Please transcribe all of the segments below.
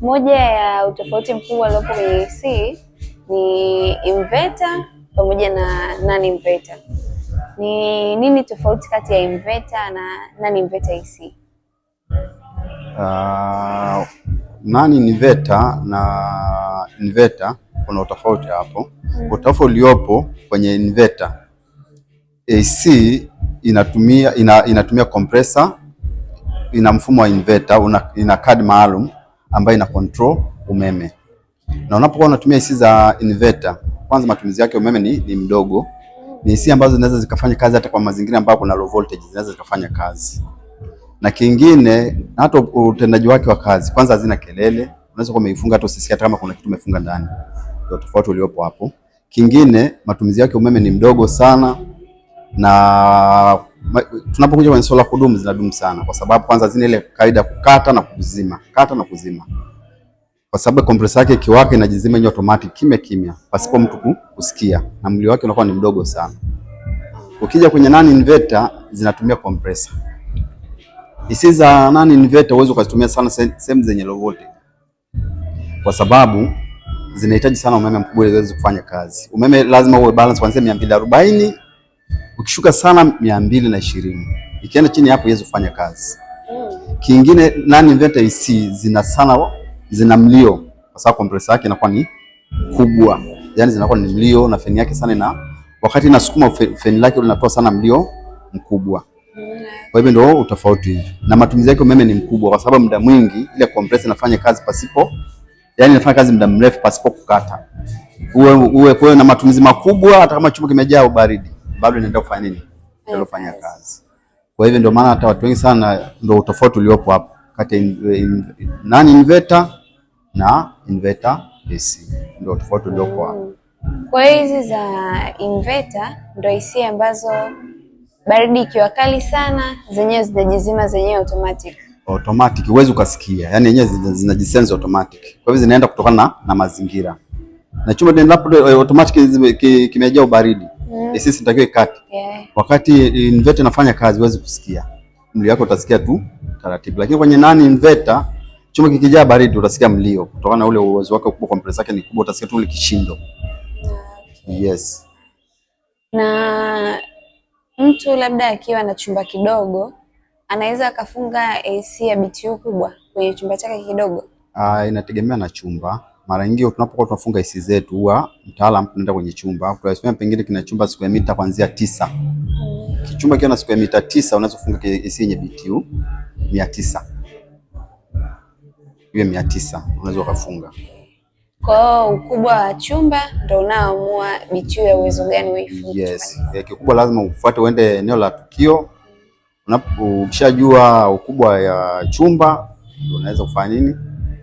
Moja ya utofauti mkubwa uliopo kwenye AC ni inverter pamoja na non inverter. Ni nini tofauti kati ya inverter na non inverter AC? Uh, ah, non inverter na inverter kuna utofauti hapo. Hmm. Utofauti uliopo kwenye inverter AC inatumia ina, inatumia compressor, ina mfumo wa inverter una, ina kadi maalum ambayo ina control umeme. Na unapokuwa unatumia hisi za inverter, kwanza matumizi yake umeme ni, ni mdogo. Ni hisi ambazo zinaweza zikafanya kazi hata kwa mazingira ambayo kuna low voltage, zinaweza zikafanya kazi. Na kingine hata utendaji wake wa kazi, kwanza hazina kelele, unaweza kwa umeifunga hata usisikia kama kuna kitu umefunga ndani. Ndio tofauti uliopo hapo. Kingine matumizi yake umeme ni mdogo sana na tunapokuja kwenye swala kudumu zinadumu sana, kwa sababu kwanza zina ile kaida kukata na kuzima, kata na kuzima, kwa sababu compressor yake ikiwaka inajizima yenyewe automatic kimya kimya, pasipo mtu kusikia, na mlio wake unakuwa ni mdogo sana. Ukija kwenye nani inverter zinatumia compressor. hizi za nani inverter uwezo ukazitumia sana sehemu zenye low voltage, kwa sababu zinahitaji sana umeme mkubwa ili ziweze kufanya kazi. Umeme lazima uwe balance kuanzia 240 Ukishuka sana mia mbili na ishirini ikienda chini hapo iwezi kufanya kazi. Kingine nani inventa AC zina sana zina mlio kwa sababu compressor yake inakuwa ni kubwa, yani zinakuwa ni mlio na feni yake sana na wakati inasukuma feni lake linatoa sana mlio mkubwa. Kwa hivyo ndio utofauti hivi, na matumizi yake umeme ni mkubwa, kwa sababu muda mwingi ile compressor inafanya kazi pasipo, yani inafanya kazi muda mrefu pasipo kukata. Uwe uwe kwa na matumizi makubwa, hata kama chumba kimejaa baridi bado inaenda kufanya nini? Ndio kufanya kazi. Kwa hivyo ndio maana hata watu wengi sana, ndio utofauti uliopo hapo kati nani inverter na inverter AC, ndio tofauti uliopo hapo. Mm. Kwa hiyo hizi za inverter ndio AC ambazo baridi ikiwa kali sana zenyewe zinajizima zenyewe automatic. Automatic huwezi ukasikia, yani yenyewe zinajisense automatic. Kwa hivyo zinaenda kutokana na na mazingira na chumba endapo eh, automatic kimejaa ubaridi Eh, sisi sinatakiwe kati. Yeah. Wakati inverter inafanya kazi huwezi kusikia. Mlio wako utasikia tu taratibu. Lakini kwenye nani inverter chumba kikijaa baridi utasikia mlio kutokana na ule uwezo wake kubwa, compressor yake ni kubwa, utasikia tu ile kishindo. Okay. Yes. Na mtu labda akiwa na chumba kidogo anaweza akafunga AC ya BTU kubwa kwenye chumba chake kidogo. Ah, inategemea na chumba mara nyingi tunapokuwa tunafunga hisi zetu huwa mtaalamu tunaenda kwenye chumba, tunasema pengine kina chumba siku ya mita kuanzia tisa. Kichumba kiona siku ya mita tisa unaweza kufunga hisi yenye BTU 900. Hiyo 900 unaweza ukafunga. Kwa ukubwa wa chumba ndio unaamua BTU ya uwezo gani uifunge. Yes. Eh, kikubwa lazima ufuate uende eneo la tukio. Unapokishajua ukubwa ya chumba unaweza kufanya nini?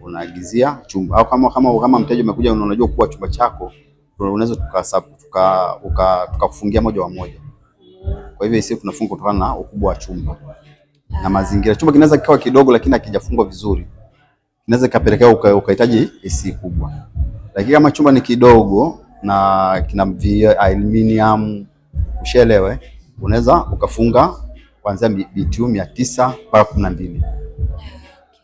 unaagizia chumba au kama, kama, kama mteja umekuja unajua kuwa chumba chako unaweza tukakufungia tuka, tuka, moja wa moja. Kwa hivyo sisi tunafunga kutokana na ukubwa wa chumba na mazingira. Chumba kinaweza kikawa kidogo, lakini akijafungwa vizuri, kinaweza kikapelekea ukahitaji uka AC kubwa, lakini kama chumba ni kidogo na kina aluminium, ushelewe, unaweza ukafunga kuanzia BTU mia tisa mpaka kumi na mbili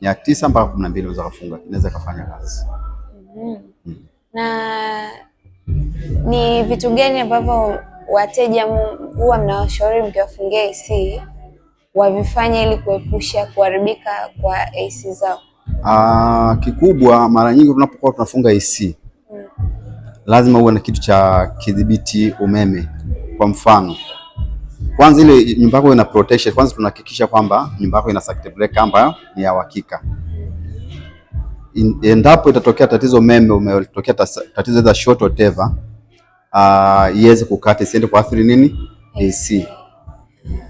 ya tisa mpaka kumi na mbili unaweza kufunga, inaweza kufanya kazi mhm. mm. Na ni vitu gani ambavyo wateja huwa mnawashauri mkiwafungia AC wavifanye ili kuepusha kuharibika kwa AC zao? Aa, ah, kikubwa mara nyingi tunapokuwa tunafunga AC mm. lazima uwe na kitu cha kidhibiti umeme, kwa mfano kwanza ile nyumba yako ina protection. Kwanza tunahakikisha kwamba nyumba yako ina circuit breaker ambayo ni ya uhakika. Endapo itatokea tatizo meme, umetokea tatizo za short whatever, uh, iweze kukata isiende kuathiri nini AC.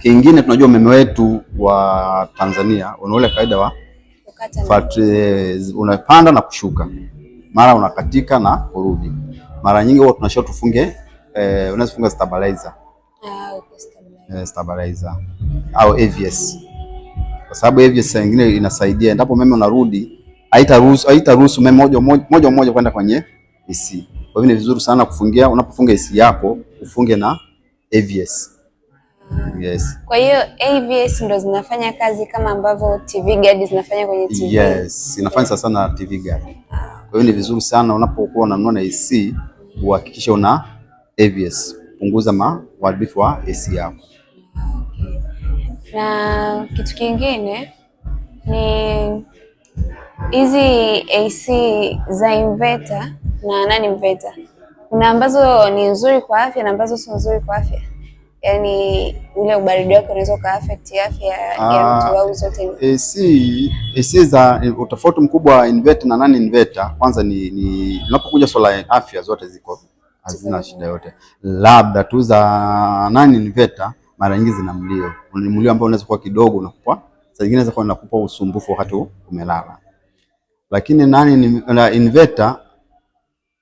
Kingine tunajua umeme wetu wa Tanzania una ule kaida wa kukata, eh, unapanda na kushuka, mara unakatika na kurudi. Mara nyingi huwa tunashauri tufunge, eh, unaweza kufunga stabilizer. Ah, okay eh, stabilizer au AVS, kwa sababu AVS saa nyingine inasaidia endapo umeme unarudi, haitaruhusu haitaruhusu umeme moja moja moja moja kwenda kwenye AC. Kwa hivyo ni vizuri sana kufungia, unapofunga AC yako ufunge na AVS. Yes. Kwa hiyo AVS ndo zinafanya kazi kama ambavyo TV guard zinafanya kwenye TV. Yes, inafanya yeah, sana na TV guard. Kwa hiyo ni vizuri sana unapokuwa unanunua na AC uhakikishe una AVS. Punguza ma uharibifu wa AC yako. Na kitu kingine ni hizi AC za inverter na nani inverter, kuna ambazo ni nzuri kwa afya na ambazo sio nzuri kwa afya, yaani ule ubaridi wake unaweza affect afya ah, ya mtu au zote. AC AC za utofauti mkubwa wa inverter na nani inverter, kwanza ni ni unapokuja swala ya afya, zote ziko hazina shida yote, labda tu za nani inverter mara nyingi zina mlio, mlio ambao unaweza kuwa kidogo, na unakupa saa nyingine inaweza kuwa inakupa usumbufu wakati umelala. Lakini nani ni na inverter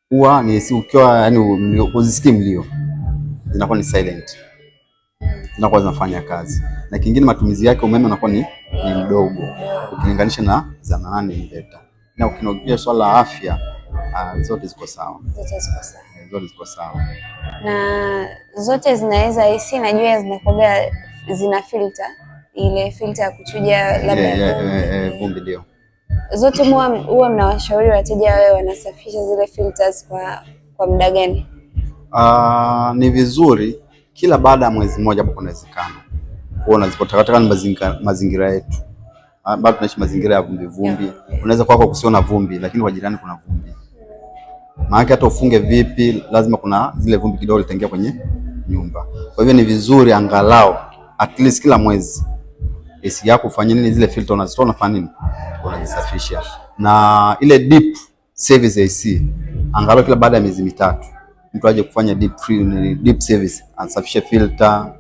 huwa ni si ukiwa yani usisikii mlio, zinakuwa ni silent, zinakuwa zinafanya kazi. Na kingine matumizi yake umeme unakuwa ni, ni mdogo ukilinganisha na za nani inverter, na ukinogia swala la afya, uh, zote ziko sawa, zote ziko sawa zote ziko sawa na zote zinaweza isi, najua zinakoga zina filter ile filter ya kuchuja labda eh, eh, vumbi, ndio zote. Huwa mnawashauri wateja wawe wanasafisha zile filters kwa, kwa muda gani? Uh, ni vizuri kila baada ya mwezi mmoja hapo kunawezekana kuona ziko takataka. Ni mazingira yetu ah, bado tunaishi mazingira ya vumbi vumbi, Unaweza kwako kusiona vumbi, lakini kwa jirani kuna vumbi maana hata ufunge vipi, lazima kuna zile vumbi kidogo litaingia kwenye nyumba. Kwa hivyo ni vizuri angalau at least kila mwezi AC yako ufanye nini, zile filter unazitoa, unafanya nini, unazisafisha. Na ile deep service AC angalau kila baada ya miezi mitatu mtu aje kufanya deep free, deep service, asafishe filter,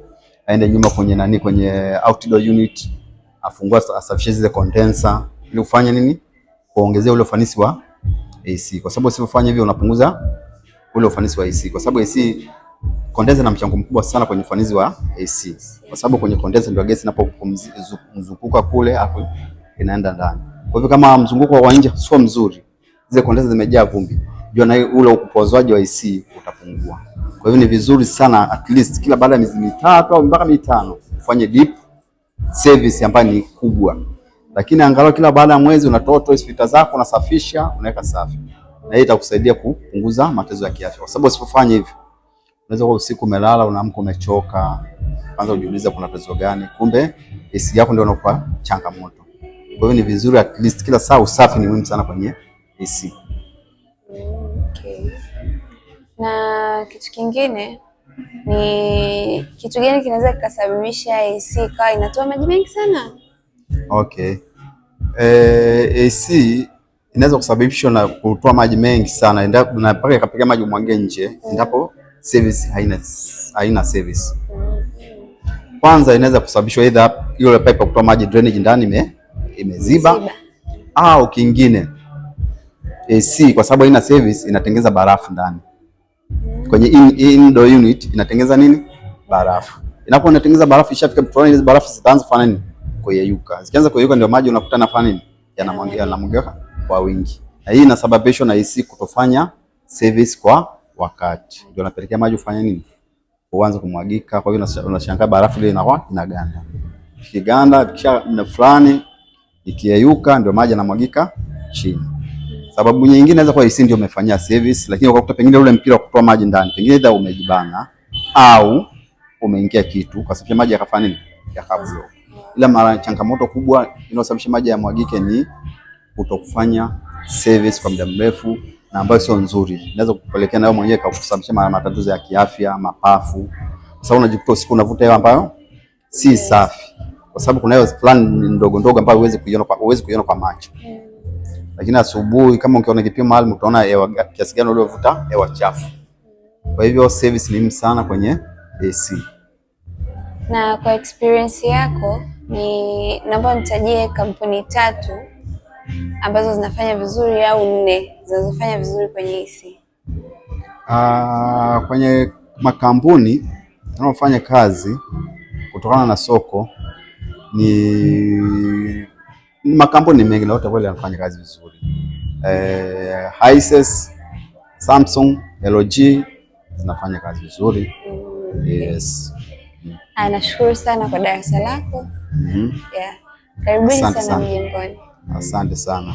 aende nyuma kwenye nani, kwenye outdoor unit, afungua asafishe zile condenser, ili ufanye nini, kuongezea ule ufanisi wa AC, kwa sababu usipofanya hivyo unapunguza ule ufanisi wa AC, kwa sababu AC kondensa na mchango mkubwa sana kwenye ufanisi wa AC, kwa sababu kwenye kondensa ndio gesi inapomzunguka kule, afu inaenda ndani. Kwa hivyo kama mzunguko wa nje sio mzuri, zile kondensa zimejaa vumbi, ndio na ule ukupozwaji wa AC utapungua. Kwa hivyo ni vizuri sana at least kila baada ya miezi mitatu au mpaka mitano ufanye deep service ambayo ni kubwa lakini angalau kila baada ya mwezi unatoa toys filter zako, unasafisha, unaweka safi, na hii itakusaidia kupunguza matezo ya kiafya, kwa sababu usipofanya hivyo unaweza kwa usiku umelala, unaamka umechoka, kwanza ujiulize kuna tatizo gani, kumbe hisi yako ndio inakuwa changamoto. Kwa hiyo ni vizuri at least kila saa, usafi ni muhimu sana kwenye hisi. Na kitu kingine ni kitu gani kinaweza kikasababisha AC ikawa inatoa maji mengi sana? Okay. Eh, AC inaweza kusababishwa na kutoa maji mengi sana, endapo na paka ikapiga maji umwage nje, endapo service haina haina service. Kwanza inaweza kusababishwa either yule pipe ya kutoa maji drainage ndani ime imeziba au kingine AC kwa sababu haina service inatengeza barafu ndani kwenye in, indoor unit inatengeza nini? Barafu. Inapo inatengeza barafu, ishafika mtu barafu zitaanza kufanya nini? kuyeyuka. Zikianza kuyeyuka, ndio maji unakuta nafanya nini, yanamwagika kwa wingi, na hii inasababishwa na hisi kutofanya service kwa wakati, ndio unapelekea maji ufanye nini, uanze kumwagika. Kwa hiyo unashangaa barafu ile inakuwa inaganda, Kiganda kisha na fulani ikiyeyuka, ndio maji yanamwagika chini. Sababu nyingine inaweza kuwa hisi ndio umefanyia service, lakini ukakuta pengine ule mpira wa kutoa maji ndani pengine aidha umejibana au umeingia kitu, kwa sababu maji yakafanya nini, yakablo ila mara changamoto kubwa inayosababisha maji yamwagike ni kutokufanya service kwa muda mrefu na ambayo sio nzuri, inaweza kupelekea nayo mwenyewe kusababisha matatizo ya kiafya, mapafu, kwa sababu unajikuta usiku unavuta hewa ambayo si safi, kwa sababu kuna hewa fulani ndogo ndogo ambayo huwezi kuiona kwa huwezi kuiona kwa macho, lakini asubuhi kama ukiona kipimo maalum utaona hewa kiasi gani uliovuta hewa chafu. Kwa hivyo service ni muhimu sana kwenye AC. Na kwa experience yako, ni naomba nitajie kampuni tatu ambazo zinafanya vizuri au nne zinazofanya vizuri kwenye hisi. Uh, ah, kwenye makampuni anaofanya kazi kutokana na soko ni makampuni mengi na wote kweli yanafanya kazi vizuri. Eh, Hisense, Samsung, LG zinafanya kazi vizuri. Mm. Yes. Ah, nashukuru sana kwa darasa lako. mm -hmm. Yeah. Karibuni sana mjengoni. Asante sana.